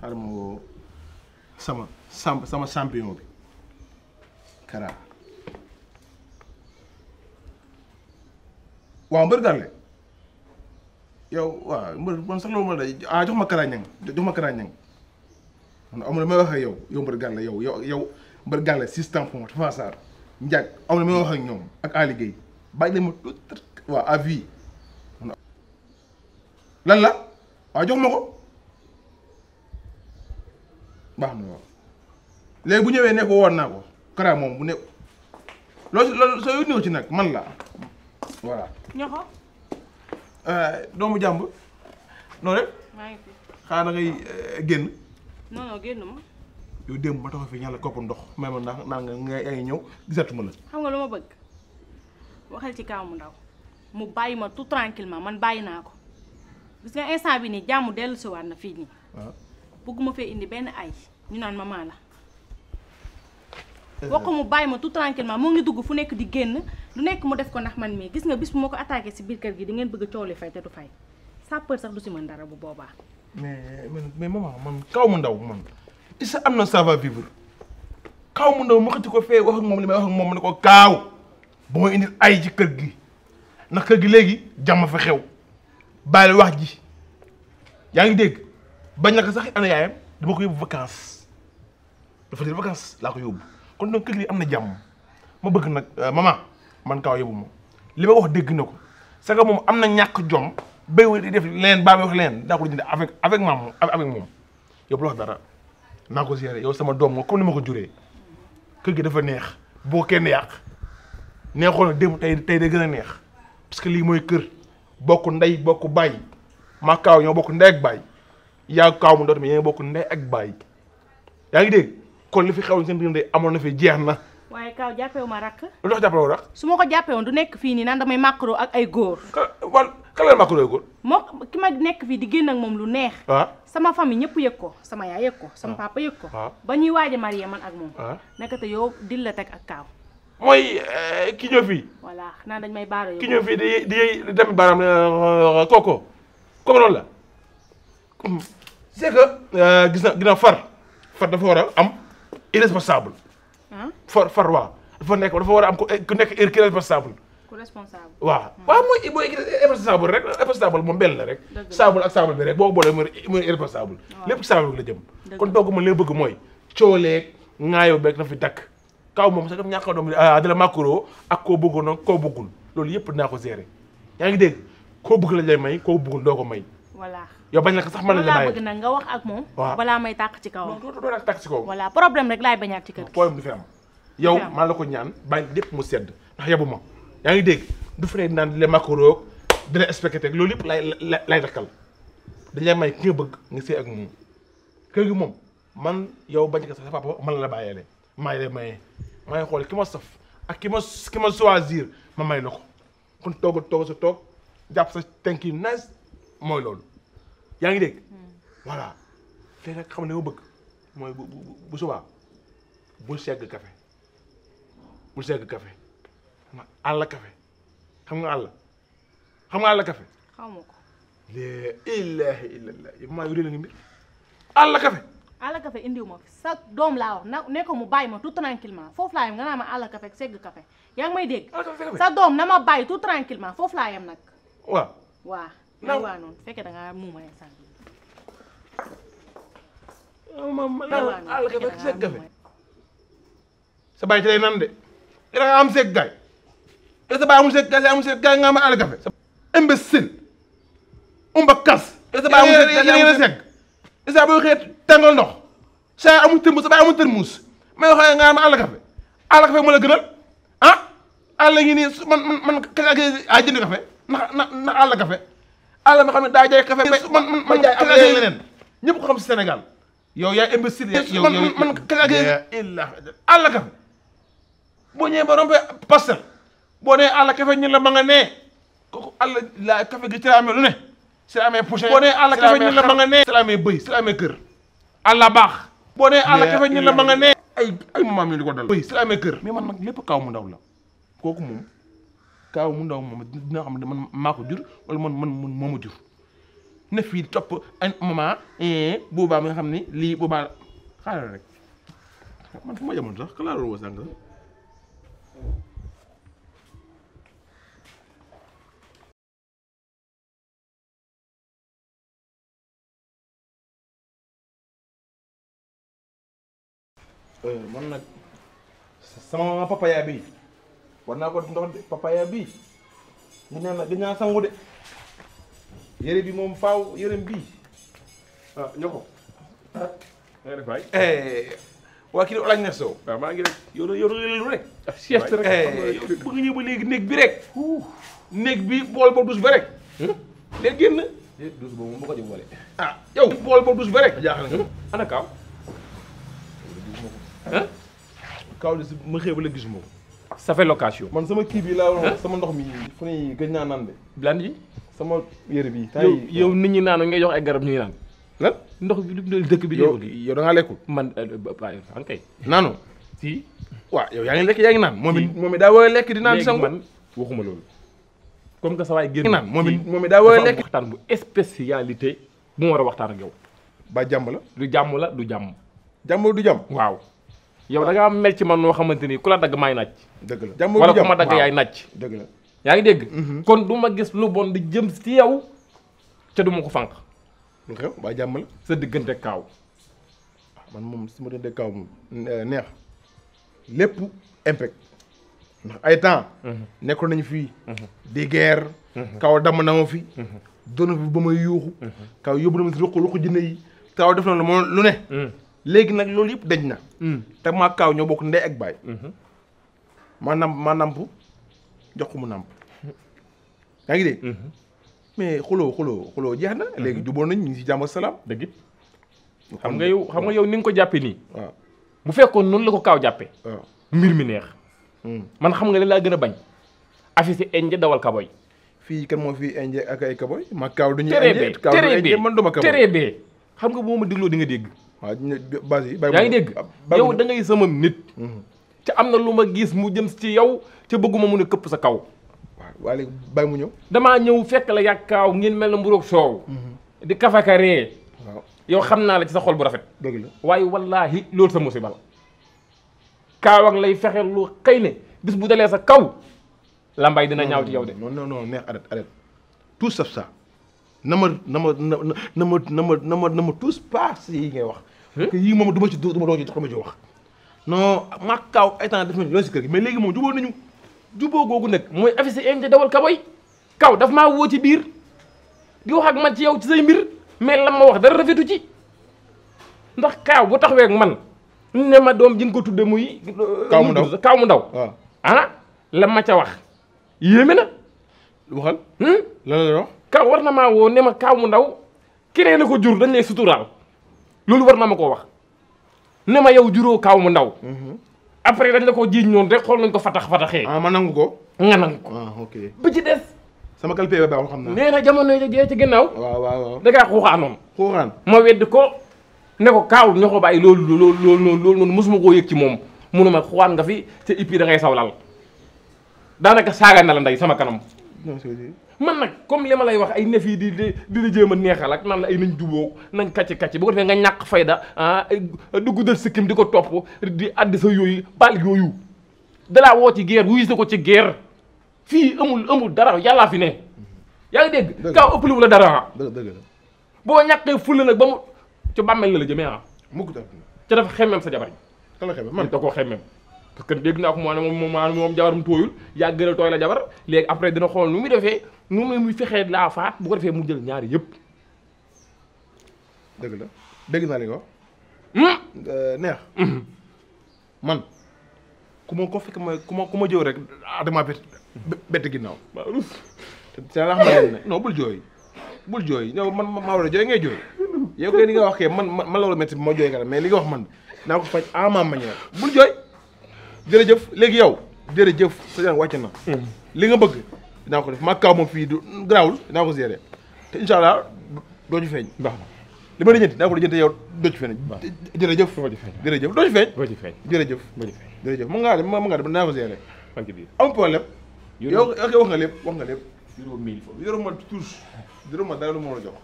xaaral ma woo sama sam sama champion bi Kara waaw mbër Darlé yow waaw mbër man sax ma day ah jox ma Kara Niang jox ma Kara Niang man amul may wax ak yow yow mbër Darlé yow yow yow mbër Darlé six tampon Tafa Sarr Ndiak amul may wax ak ñoom ak Ali la waaw ah, jox ma ko. baax na léegi bu ñëwee ne ko woon naa ko Kara moom bu ne loolu loolu soo yónni ci nag man la voilà. ñoxo. Euh, doomu jàmb noo def. maa ngi fi euh, génn. non non génn ma. yow démb ma taxaw fi ñàlla kopp ndox may ma naan naan nga yaa ñëw gisatuma la. xam nga lu ma bëgg waxal ci kaw mu ndaw mu bàyyi ma tout tranquillement man bàyyi naa ko gis instant bi nii jàmm dellu dellusiwaat na fii nii. Ah. bëgguma fee indi benn ay ñu naan maman la. wax ko mu bàyyi ma tout tranquillement moo ngi dugg fu nekk di génn lu nekk mu def ko ndax man mii gis nga bis bu ma ko attaqué si biir kër gi di ngeen bëgg a coow li fay te sax du si mën dara bu boobaa. mais mais maman man kaw mu ndaw man Issa am na ça va vivre kaw mu ndaw ma xëti ko fee wax moom li may wax ak moom ne ko kaaw ba indi ay ci kër gi ndax kër gi léegi jàmm fa xew bàyyi wax ji yaa ngi dégg. bañ na ko sax ana yaayam dama ko yóbbu vacance dafa dir vacance laa ko yóbbu kon donc kër gi am na jàmm ma bëgg nag euh, maman man kaw li ma wax dégg na ko c'est moom am na ñàkk jom béy wala di def leneen baa mi wax leneen avec avec maam avec moom yow bu dara naa ko gérer yow sama doom nga ma ko juree kër gi dafa neex boo kenn yàq neexoon na tey tey day gën a neex parce que lii mooy kër bokk ndey bokk baay maa kaaw ñoo bokk ndey ak baay yaa kaaw mu ndox mi yéen bokk ndey ak baay yaa ngi dégg kon li fi xewoon seen biir ndey amoon na fi jeex na. waaye kaaw jàppee ma rakk. lu tax jàppee wu rakk. su ma ko jàppee woon du nekk fii nii naan damay màkkaroo ak ay góor. ka wàll kan la màkkaroo ay góor. moo ki nekk fii di génn ak moom lu neex. Ah. sama famille ñëpp yëg ko sama yaay yëg ko sama ah. papa yëg ko. Ah. ba ñuy waaj a marié ak moom. naka te yow la teg ak kaaw. mooy eh, ki ñëw fii. voilà xanaa dañ may baara yow. ki ñëw fii di di di baaraam kooku eh, kooku la. c'est que euh, gis na gis na far far dafa war a am irresponsable. far far waa dafa nekk dafa war a am ku nekk irresponsable. ku responsable. waaw hmm. waaw mooy mooy rek irresponsable moom benn la rek. saabul ak saabul bi rek boo ko boolee mooy irresponsable. waaw lépp saabul la jëm. kon donc man bëgg mooy cooleeg ŋaayoo beeg na fi dakk kaw moom sax dafa ñàkk a doon ah de ak koo bëggoon ak koo bëggul loolu yëpp naa ko gérer yaa ngi dégg koo bëgg la lay may koo bëggul doo ko may. yow bañ na ko sax mën nañ la bàyyi nga wax ak moom balaa may tàq ci kaw doo nag tàq ci kaw voilà problème rek laay bañaat ci kër gi problème du fi yow maa la ko ñaan bàyyi lépp mu sedd ndax yabu ma yaa ngi dégg du fi nekk naan di la macaroog di la spaghetti loolu yëpp lay lay dakkal dañ lay may ki bëgg nga sëy ak moom kër yow bañ ko sa papa man la la maa ngi lay maye maa ngi xool ki ma saf ak ki ma ki ma choisir ma may la ko kon tooga tooga sa toog jàpp sa tenki yu mooy loolu yaa ngi dégg. Hmm. voilà tey nag xam ne ma bëgg mooy bu bu bul segg kafe bul segg café ma àll café xam nga àll xam nga àll café. xamu ko. laa ilaaha illallaah yow nga mbir àll café. àll café indiw ma sa doom laa wax na ne mu bàyyi ma tout tranquillement foof laa yem nga naa ma àll café segg café yaa ngi may dégg. sa doom na ma bàyyi tout tranquillement foofu laa yam nag. waaw naw waaw noonu fekkee da ngaa muuma ne sànq. moom lan àll ka fekk seeg kafe sa baay ci lay nan de da am seeg gaay te sa baay amul seeg nga am àll kafe imbécile umba kas te sa baay amul seeg gaay amul seeg te sa boo xëyee tàngal ndox sa amul tërmuus sa nga am àll kafe àll kafe moo la gënal ah àll ngi nii man man man kañ ak na na àll alal ma xam ne daa jaay café man man man jaay leneen ñëpp ko xam si Sénégal ñëwee ba rompe pastel boo nee àll café ñu la ma nga nee kooku àll la gi ci la amee lu ne si la amee boo nee àll café ñu la ma nga nee si la amee kër àlla baax boo nee àll café ñu la ma ay ay maam ñu di ko dal bëy kër mais man nag lépp kaw mu ndaw la kooku kaaw mu ndaw moom dina xam ne jur wala man ne fii topp ay moment eh, boobaa mi xam ne lii boobaa xaaral rek man fu ma yemoon sax euh, sama papa yaa bi war naa ko ndox de papaya bii ñu ne nag sangu de yére bi moom faaw yërëm bii ah ñoo ah. eh, kii de olañ na soow. waaw ah, maa ngi rek yow yow lu ah, eh, léegi néeg bi rek. néeg bi bool ba dus ba rek. Hmm? léegi génn. Eh, dus boobu moom bu ko ci boole. ah yow bool ba dus ba rek. jaaxal nga hmm? ana kaaw. ah kaaw li ma xëy ba la gisuma ko. ça fait location. man sama kii bi laa wax sama ndox mi fu ñuy gëj naa naan de. lan yi sama yére bi. yow yow nit ñi naan ngay jox ay garab ñuy naan. ndox bi lu dëkk bi. yow yow da ngaa lekkul. man waaw euh, euh, kay. naanu. si. waaw yow yaa ngi lekk yaa ngi moom it moom it daa war a lekk di naan sangu. man waxuma loolu. comme que sa waay moom it moom it daa war a lekk. waxtaan bu spécialité bu mu war a waxtaan ak yow. ba jàmm la. du jàmm la du jàmm. jàmm du jàmm waaw. yow da ngaa mel ci man noo xamante ni ku la dagg may naaj. dëgg la jàmm wala ku ma dagg yaay naaj. dëgg la yaa ngi dégg. Mhm. kon du ma gis lu bon di jëm si yow ca du ma ko fànq. lu xew ba jàmm la. sa diggante kaaw. Ah, man moom su ma doon kaaw moom eh, neex lépp impact ndax ay temps. Mhm. nekkoon nañu fii. Mhm. di guerre. kaw damm na ma fi. doon fi ba may yuuxu. kaw yóbbu na ma si ruq ruq jinne yi. kaw def na lu ne. léegi nag loolu yëpp dañ na. Hmm. te maa kaaw ñoo bokk ndey ak baay. Hmm. ma namp ma namp jox ko mu namp. yaa ngi dégg. Hmm. mais xuloo xuloo xuloo jeex na. léegi jubóo nañ ñu ngi si jàmm ak salaam dëgg it xam nga yow ni nga ko jàppee nii. bu fekkoon noonu la ko kaaw jàppee. mbir mi neex. man xam nga ne laa gën a bañ. affiche inje dawal kaboy. fii kan moo fii enje ak ay kaboy. ma kaaw du ñuy enje man du ma kaboy. bee tere bee xam nga boo ma dégloo di nga dégg. waaw base yi yaa ngi dégg yow da ngay sama nit mhm. te am na lu ma gis mu jëm ci yow te bëgguma mu ne këpp sa kaw waaw léegi bàyyi mu ñëw damaa ñëw fekk la yàkkaaw ngeen mel na mburoog soow mhm. di kafaka ree waaw yow xam naa la ci sa xol bu rafet dëgg la waaye wallaahi loolu sa musiba la lay fexe lu xëy ne bis bu dalee sa kaw lambay dina ñaaw ci yow de non non non neex arrête arrête tout sauf ça na ma na ma na na ma na ma na ma na ma tous pass yi ngay wax. que yii moom du ma ci du ma doon ci xam ma ci wax. non Makaw ay temps def nañu loolu si kër gi mais léegi moom jubóo nañu jubóo googu nag mooy affiche invité dawal kaboy kaw daf maa woo ci biir di wax ak man ci yow ci say mbir mais lan ma wax dara rafetu ci ndax kaaw bu taxawee ak man ne ma doom ji nga ko tudde muy. kaaw mu ndaw kaaw mu ndaw ah, ah lan ma ca wax yéeme na. waxal hmm? lan la wax. kaw war na maa woo ne ma kaaw mu ndaw keneen na ko jur dañ lay suturaal loolu war na ma koo wax ne ma yow juróo kaaw mu ndaw. après dañ la ko jiiñ noonu rek xool nañ ko fatax fataxee. Ah, ma nangu ko. nga ko ah, ok. bi ci des. sama calpe ba xam naa. nee na jamono yi jee ci ginnaaw. waaw waaw waaw da ngaa xuuxaanoon. wedd ko ne ko kaaw ñoo ko bàyyi loolu loolu loolu loolu noonu koo yëg ci moom ma xuuxaan nga fi te et puis da ngay sawlal daanaka saaga na la ndey sama kanam. man nag comme li ma lay wax ay ne yi di di di jéem a neexal ak nan la ay nañ jubóog nañ kacc kacc bu ko defee nga ñàkk fayda ah dugg dal sikkim di ko topp di àddi sa yooyu pal yooyu dalaa woo ci geer wuyuse ko ci guerre fii amul amul dara yàllaa fi ne yaa ngi dégg kaw ëpp liwu la dara boo ñàkkee fulla nag ba mu ci bàmmeel la la jëmee ah mukk ca dafa xemmem sa jabar yi da koo xemmem parce dégg naa ko moo ne moom yàgg a tooy la léegi après dina xool nu muy defee nu muy muy fexee bu ko defee mu jël ñaari yëpp. dëgg la dégg naa hmm? neex. man ku ma ko fekk ma ku ma ku ma jëw rek ah damaa bett bett ginnaaw. waaw ruus te jooy ñoom man maa war a jooy ngay jooy. yow kay li nga wax kee man la war a métti ma jooy nga mais li nga wax man naa ko faj à ma manière bul jooy. jërëjëf léegi yow jërëjëf sa yaram wàcc na hmm. li nga bëgg naa ko def maa kaw moom fii du garaawul dinaa ko gérer te incha allah doo ci feeñ baax na li ma lijjanti dinaa ko lijjanti yow doo ci feeñ jërëjëf jërëjëf doo ci jërëjëf jërëjëf mën ngaa dem mën ngaa dem dinaa ko gérer am problème yow ok wax nga lépp wax nga lépp juróom ma touche juróom ma dara lu ma la jox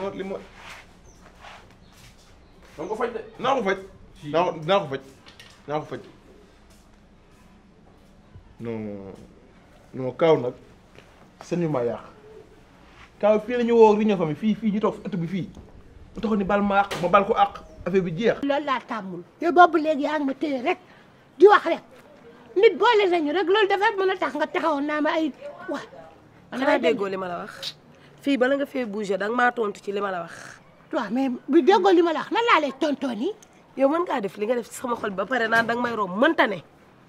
waaw li naa ko faj naa kaw nag seen yu ma yàq kaaw fii la ñu woo réunion famille fii fii ñu toog ëtt bi fii mu taxoon ni bal ma àq ma bal ko àq affaire bi jeex. loolu laa tàmmul te boobu léegi yaa ngi ma téye rek di wax rek nit boole nañu rek loolu dafa mën a tax nga taxawoon naa ma ay wax. xanaa déggoo li ma la wax fii bala nga fee bouger danga maa tontu ci li ma la wax. waaw mais bu déggoo li ma la wax nan laa lay yow mën ngaa def li nga def sama xol ba pare naan danga may romb mënta ne.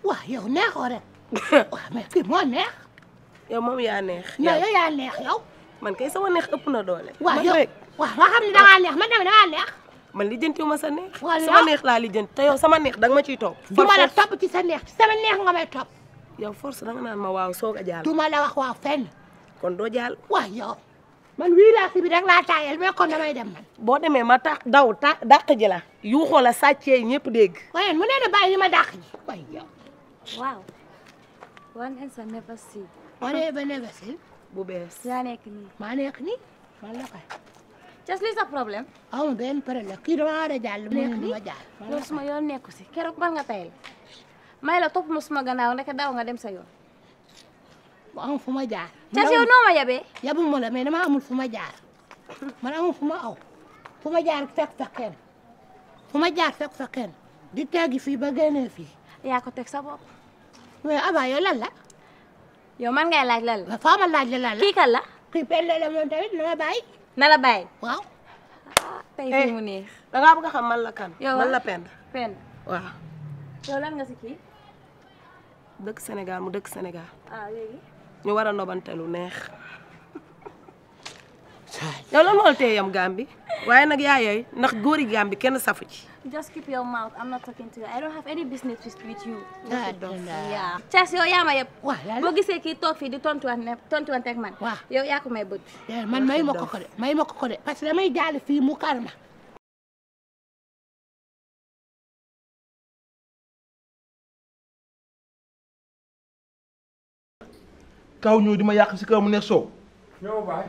waaw yow neexoo rek. waaw mais kii moo neex. yow moom yaa neex. yow yaa neex yow. man kay sama neex ëpp na doole. waaw yow waaw ma xam ne dangaa neex man tamit dangaa neex. man lijjantiw ma sa neex. sama neex laa lijjanti te yow sama neex danga ma ciy topp. du ma la ci sa neex ci sama neex nga may topp. yow force danga naan ma waaw soog a jàll. du ma la wax waaw fenn. kon doo jàll. waaw yow. man virage bi rek laa taayal mais kon damay dem boo demee ma tax daw ta dàq ji la. yu xoola sàccee ñëpp dégg. waaye mu nee na bàyyi ma dàq ji waaye yow. waaw. wan insa nefas si. wane ba nefas si. bu bees. yaa nekk nii. maa nekk nii man la kay. Cés li sa problème. aw ma benn problème kii dama war a jàll. nekk nii ma jàll. loolu nekku si keroog bal nga tayal. may la topp ma suma gannaaw ndeke daw nga dem sa yoon. bu am ma jaar. Cass yow noo ma yabee. yabu ma la mais dama amul fu ma jaar man amul fu ma aw fu ma jaar fekk fa kenn fu ma jaar fekk fa kenn di teggi fii ba génnee fii. yaa ko teg sa bopp. mais Aba yow lan la. man ngay laaj lan la. faa ma laaj la lan la kii kan la. la moom na la bàyyi. na la bàyyi waaw. Ah, tey mu neex. Eh, da ngaa bëgg a xam man la kan. Ah, yow lan nga si kii. dëkk Sénégal mu dëkk Sénégal. Ah, ñu war a nobante lu neex. yow lan moo tee yam Gàmbi waaye nag yaa yooyu ndax góori Gàmbi kenn safu ci. just keep your mouth I'm not talking to you I don't have any business with you. Ah, yow yaa ma yëpp. waaw boo gisee kii toog fii di tontuwaat ne tontuwanteeg man. waaw yow yaa ko may man may ma ko ko de may ma ko ko de que damay jaale fii mu kàr ma. kaw ñëw di ma yàq si kaw mu neex soow. ñëw baay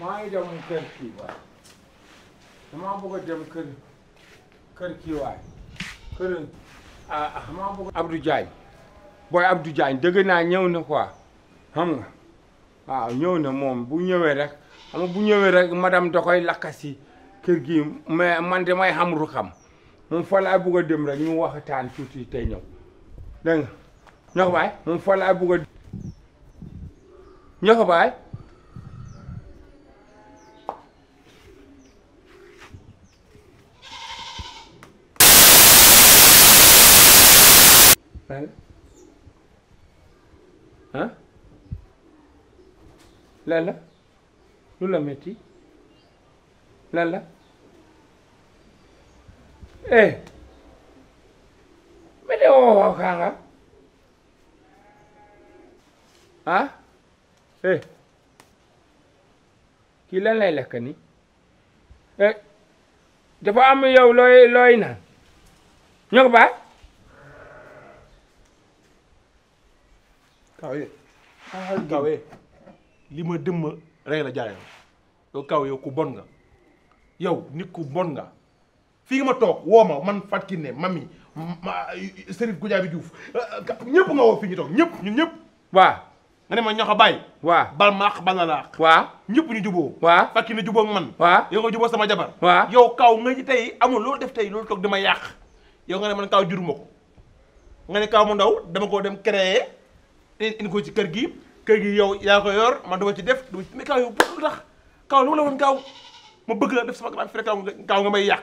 maa ngi dem kër kii baay damaa bëgg a dem kër kër kii waay kër ah, ah maa bëgg Abdou Diagne booy Abdou Diagne dëgg naa ñëw na quoi xam nga waaw ñëw na moom bu ñëwee rek bu ñëwee rek madame da koy lakkasi kër gii mais man damay xam ru xam moom fa laa bëgg a dem rek ñu waxtaan tuuti tey ñëw dégg baay moom fa laa bëgg a ñoo ko baay ah lan la lu la metti lan eh eh kii lan lay lekk ni eh, dafa am yow looy looy naan ñoo ko baax kaw ye ah, kaw li ma dëmm rey la jaayam yow kaw yow ku bon nga yow nit ku bon nga fii ma toog woo ma man Fatou Kiné mami Serigne Goudiaby Diouf eh, eh, ñëpp nga woo fi ñu toog ñëpp ñun waa nga ne ma ñoxo bàyyi waa bal maax bal na laax waa ñëpp ñu juboo waa fakki na juboo ak man waa yow nga juboo sama jabar waa yow kaw nga tey amul def tey loolu toog di yàq yow nga ne man kaw jur ma ko mu ndaw dama koo dem créer te indi ko ci kër gi kër gi yow yaa ko yor man dama ci def dama ci mais kaw yow bëgg la woon kaw ma bëgg la def sama grand frère kaw may yàq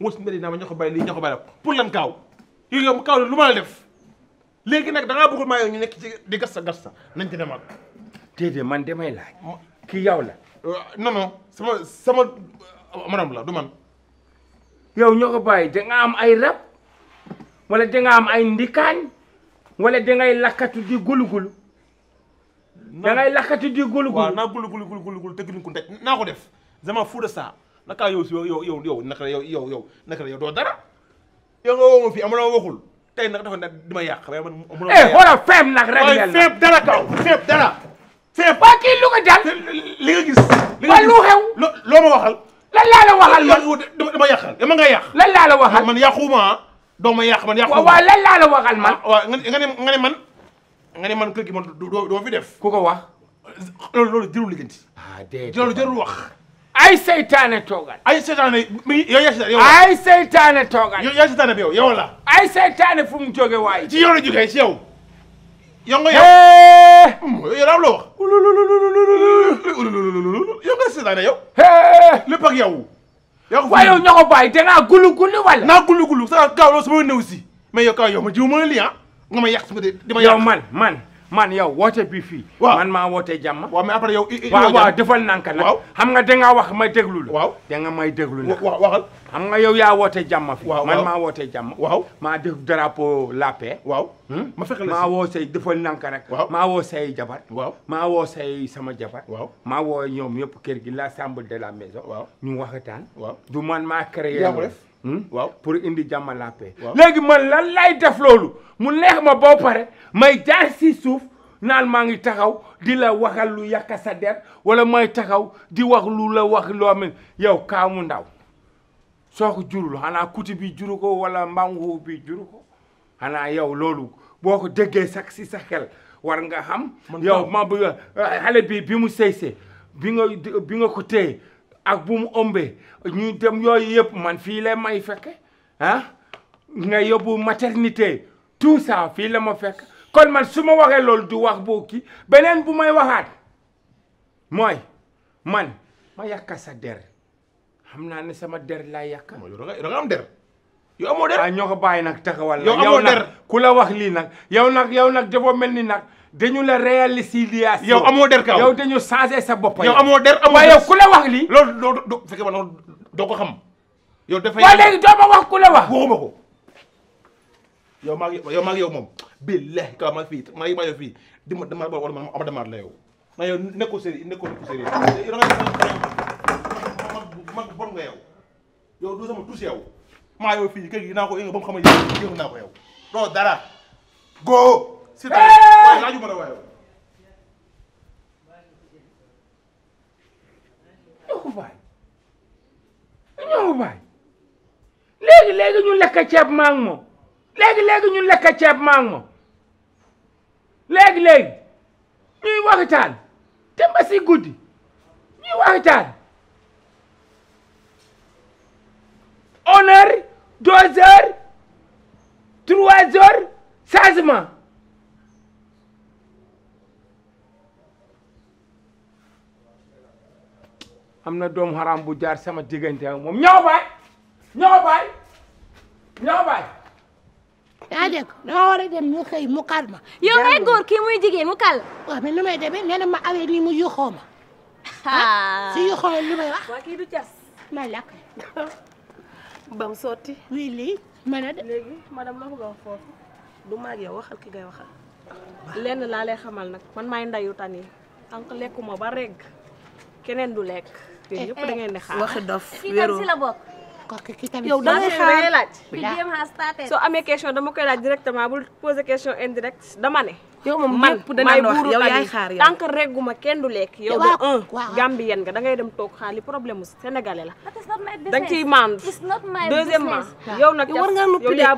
wut mbir yi naa ma ñoxo bàyyi lii ñoxo bàyyi la pour lan kaaw yow yow kaw lu ma la def léegi nag da ngaa maa yow ñu nekk ci di gas sa gas sa nañ ci demaat. man demay laaj. ki yow la. Euh, non non sama sama euh, maram la du man. yow ñoo ko am ay rab wala da am ay ndikaan wala da ngay lakkatu di gulugul. da ngay lakkatu di gulugul waaw naa gulugul gulugul te gën ko def vraiment fou sa ça naka yow si yow yow yow naka la doo dara yow nga woo ma fii amuloo tey nag dafa ne dama yàq waaye man mënoo. eh xoolal feem nag rek. waaye feeb dara kaw feeb dara. feeb waa kii lu ko dal. li nga gis. li nga gis lu xew. loo loo ma waxal. lan laa la waxal man dama yàqal dama nga yàq. lan laa la waxal man yàquwuma ah. doo ma yàq man yàquwuma. waaw lan laa la waxal man. Ah, waaw nga ne nga ne man. nga ne man kër gi man doo doo fi def. ku ko wax. loolu loolu jërul liggéey. ah déedéet loolu jërul wax. ay seytaane toogal. ay seytaane yow yaa seytaane yow la. ay seytaane toogal. yow yaa seytaane bi yow yow la. ay seytaane fu mu jóge waaye. ci yow la jógee ci yow. yow nga yow. Mm, yow daa am loo wax. yow nga seytaane yow. lépp ak yow. yow waaye yow ñoo ko bàyyi danaa gulu gulu wala. naa gulu gulu sa kaw loolu sama néew si mais yow kaw yow ma jiw ma lii ah nga ma yàq sama de. yow man man. man yow woote bi fii. man ma woote jàmm. waaw mais yow. waaw waaw defal nanka nag. xam nga dangaa wax ma déglu la. waaw danga may déglu nag. waxal. xam nga yow yaa woote jàmm fi. man maa woote jàmm. waaw maa def drapeau la paix. waaw hmm? ma fekk la woo say defal nanka rek. waaw maa woo jabar. waaw maa woo say sama jabar. waaw maa woo ñoom yëpp kër gi l'ensemble de la maison. waaw wax waxtaan. du man maa créé. yaa Hmm? waaw pour indi jàmm léegi man lan lay def loolu mu neex ma boo pare may jaar si suuf naan maa ngi taxaw di la waxal lu yàq sa der wala may taxaw di wax lu la wax loo xam ne yow kaamu ndaw soo ko jurul xanaa kuti bi juru ko wala mbangu bi juru ko xanaa yow loolu boo ko déggee sak si sa xel war nga xam. yow ma bi bi mu sëy see bi nga nga ko téye. ak bu mu ëmbee ñu dem yooyu yëpp man fii la may fekke ah nga yóbbu maternité tout ça fii la ma fekk kon man su ma waxee loolu du wax boo kii beneen bu may waxaat mooy man ma yàkka sa der xam naa ne sama der laa yàkka da nga der yow amoo der ah, ñoo ko bàyyi nag taxawal yow amoo ku la wax lii nag yow nag yow nag dafa mel ni nag dañu la réalisiliation yow amoo der kaw yow dañu changé sa bopp yow amoo der amoo waaye yow ku la wax lii loolu loolu do fekkee yow dafay waaw léegi doo ma wax ku la ko yow maa moom billahi ka maa fii maa ngi maa yow fii bon nga yow yow doo sama tus yow maa yow fii kër gi naa ko yëngu doo dara go si tamit waaye laaju ma la waaye ñoo ko bàyyi ñoo ko bàyyi ceeb maa ngi moom léegi léegi ñu lekk ceeb maa ngi moom léegi léegi ñuy waxtaan te ba si guddi ñuy waxtaan une heure deux heures trois heures am na doomu xaraam bu jaar sama diggante ak moom ñoo baay ñoo baay ñoo baay yaa dégg dama war a dem ñu xëy mu kal ma yow ngay góor kii muy jigéen mu kal waaw mais nu may demee na ma awee nii mu yuxoo ma ah. ah, si yuxoo li may waa kii du cas ma lakk bam sotti wii lii man maay ndayu lekkuma ba regg keneen du lekk yéen yëpp da ngeen di xaar waxi dof wéeru la bokk. kooku kii tamit yow da ngay xaar soo amee question dama koy laaj directement bul poser question indirecte dama ne. yow moom man man wax yow yaay xaar yow tànk regguma kenn du lekk yow de un da ngay dem toog xaar li problème mu sénégalais la da nga ciy maandu deuxièmement yow nag war nga noppi de ah.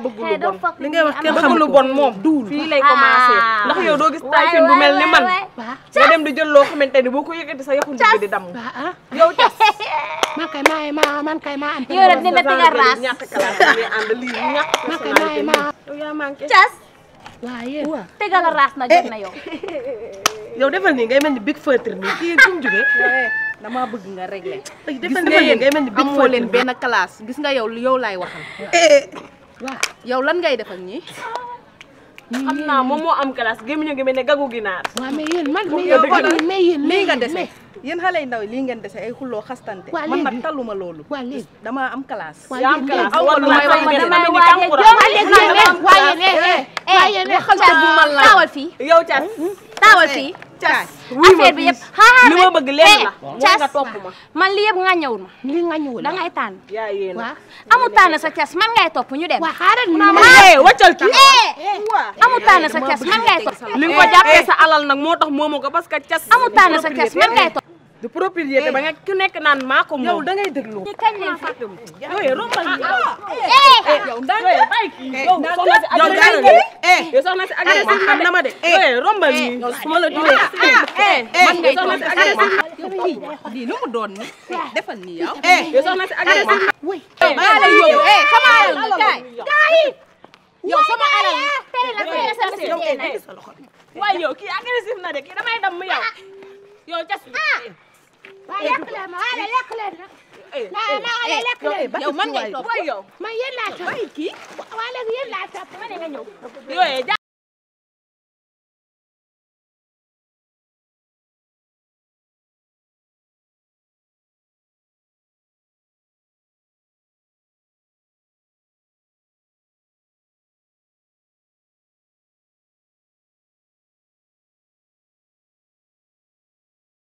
mel ni man nga dem jël loo xamante ni boo ko yëkkati sa yaxu ndigg di damm ah. yow cas man kay maa ma man kay maa am yow rek dina tëgg a raas waaw yéen la raas na jot na yow. Eh. yow defal nii ngay mel ni big feutre nii kii fi mu jógee. damaa bëgg nga régler. defal nii ngay mel ni big feutre amoo leen gis nga yow yow laay waxal. Eh. waaw yow lan ngay def ak ñii. xam naa moom moo am classe gémmiñu gi mel ne gagu ginaar. waaw mais yéen man mais yow mais yéen lii nga dese yéen xale yu ndaw lii ngeen dese ay xulloo xastante. man nag taluma loolu. waaw am classe. yaa am classe wala lu may wax waxal ca bu man la taawal fii yow cas hmm? taawal fii cas eh, affaire bi yëpp xaaral li ma bëgg leen eh, la cas nga topp ma man li yëpp nga ñëwul ma li nga ñëwul da ngay tànn yaa yéen waaw amul sa cas man ngay topp ñu dem a waaw xaaral ma waccal kii eh, amul tànn sa cas man ngay topp li nga ko jàppee alal nag moo tax moomu ko parce que cas amul tànn sa cas man ngay topp de ba nga eh. nekk naan maa ko moom yow da ngay déglu. ci a leen fi dem. Eh. yooyu rombal yi ah, ah. eh. yow. yow soxna si agressé ah, yi yow soxna si agressé yi xam na ma de. yooyu rombal lu mu doon ni yow. yow soxna si agressé yi. oui maa lay yóbbu sama alal yow sama yow waaw lekk leen ma waaye lekk leen nag. naa naa waaye lekk leen. yow man ngay topp yow. waaye kii. waaw léegi yéen laa ma ne